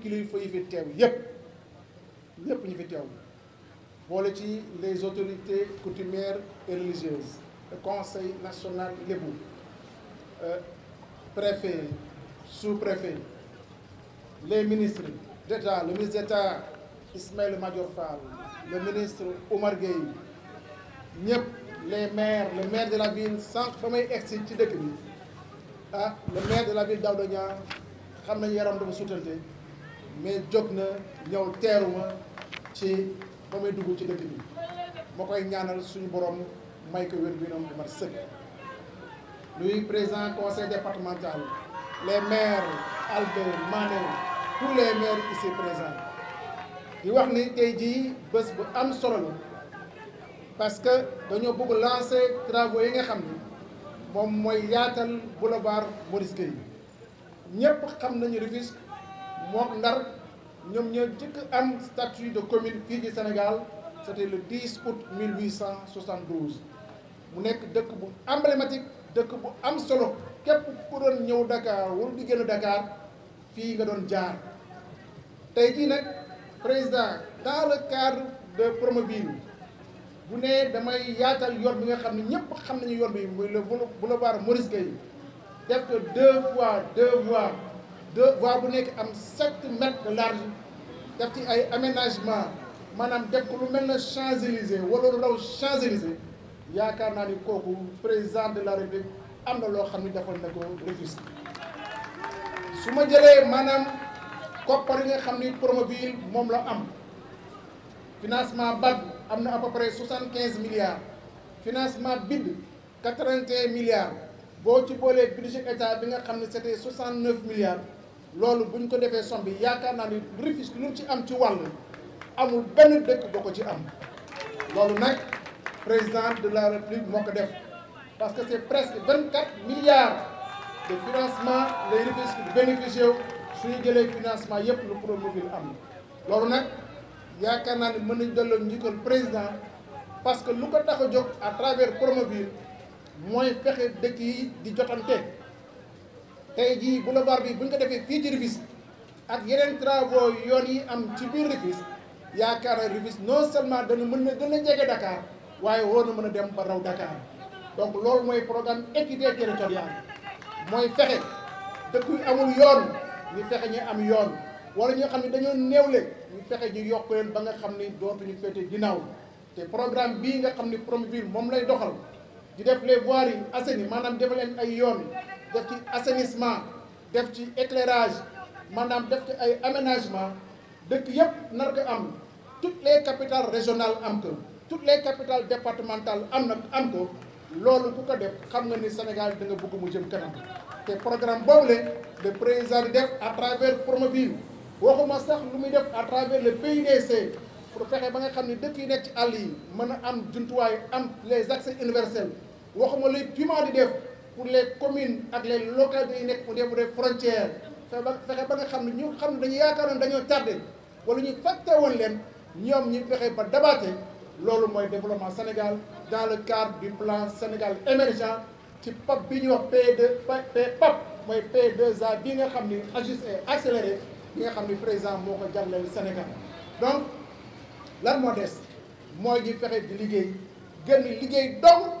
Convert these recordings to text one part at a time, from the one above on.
qui lui faut y yépp les autorités coutumières et religieuses le conseil national lébou euh, préfet sous-préfet les ministres d'État le ministre d'État Ismaël Majorfar, le ministre Omar Gueye les maires le maire de la ville sans fa de ah, le maire de la ville d'Audonia, Khamenei yaram de mais jóg na ñëw ci bamay duggu ci dëkk bi ma ñaanal suñu borom may ko wér gu yaram bu mat sëkk luy président conseil départemental les maires Albert Mané tous les maires ici présents di wax ni tay ji bëss bu am solo la parce que dañu bëgg lancer travaux yi nga xam ni moom mooy yaatal boulevard Maurice Guèye ñepp xam nañu Rufisque mook Ndar ñoom ñoo jëkk am statut de commune fii ci Sénégal c'était le 10 août 1872 mu nekk dëkk bu emblématique dëkk bu am solo képp ku doon ñëw Dakar wala di génn Dakar fii nga doon jaar tey jii nag président dans le cadre de Promoville bu ne damay yaatal yoon bi nga xam ne ñëpp xam nañu yoon bi muy le boulevard Maurice Guèye def ko deux fois deux voies de voir que nous avons 7 mètres de large. Il y a un aménagement. Madame, nous avons Champs-Élysées. Nous avons Champs-Élysées. Yakana Nikoku, président de la République, Amdolo Hamid Afonego, refuse. Si je dis, madame, comparé à Hamid Promobile, je suis Le Financement BAD, à peu près 75 milliards. Financement BID, 81 milliards. Si vous voulez, le budget de l'État, c'était 69 milliards lolu buñ ko défé sombi yakarna ni Rufisque lu ci am ci wàll amul benn dëkk boko ci am lolu nak président de la république moko def parce que c'est presque 24 milliards de financement les Rufisque bénéficié suñu jëlee financement yëpp lu Promoville am lolu nak yakarna ni mën nañ delloo président parce que lu ko tax a à travers Promoville moy fexé dëkk yi di jotanté tey jii boulevard bi bu ñu ko defee fii ci Rufisque ak yeneen travaux yoon yi am ci biir Rufisque yaakaar naa Rufisque non seulement dana mën na gën a jege Dakar waaye war na mën a dem ba raw Dakar donc loolu mooy programme équité territoriale mooy fexe dëkk yu amul yoon ñu fexe ñu am yoon wala ñoo xam ne dañoo néewle ñu fexe ñu yokk leen ba nga xam ne dootuñu féete ginnaaw te programme bii nga xam ne Promoville moom lay doxal di def les voiries yi assainies maanaam defal leen ay yoon. def ci assainissement def ci éclairage manam def ci ay aménagement dëkk yépp nar ko am toutes les capitales régionales am ko toutes les capitales départementales am na am ko loolu ku ko def xam nga ni Sénégal da nga bëgg mu jëm kanam te programme boobu la le président def à travers Promovilles waxuma sax lu muy def à travers le PUDC pour fexe ba nga xam ne dëkk yi nekk ci àll yi mën a am jumtuwaay am les accès universels waxuma luy piment di def pour les communes ak les localités qui nekk au niveau des frontières fexe ba fexe ba nga xamni ne ñu xam ne dañu yaakaaroon dañoo tardé wala ñu fàtte won leen ñom ñu fexé ba dabaate lolu moy développement Sénégal dans le cadre du plan Sénégal émergent ci PAP bi ñu wax P2 PAP moy P2A bi nga xamni ni ajuste e accéléré bi nga xamni ni président moko ko jagleel Sénégal donc lan moo des mooy ñu fexe di liggéey gën liggéey dong.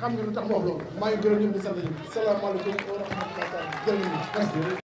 xam nga lu tax ma wax loolu maa ngi gërëm ñëpp di sant ñëpp salaamaaleykum wa rahmatulah jërëjëf merci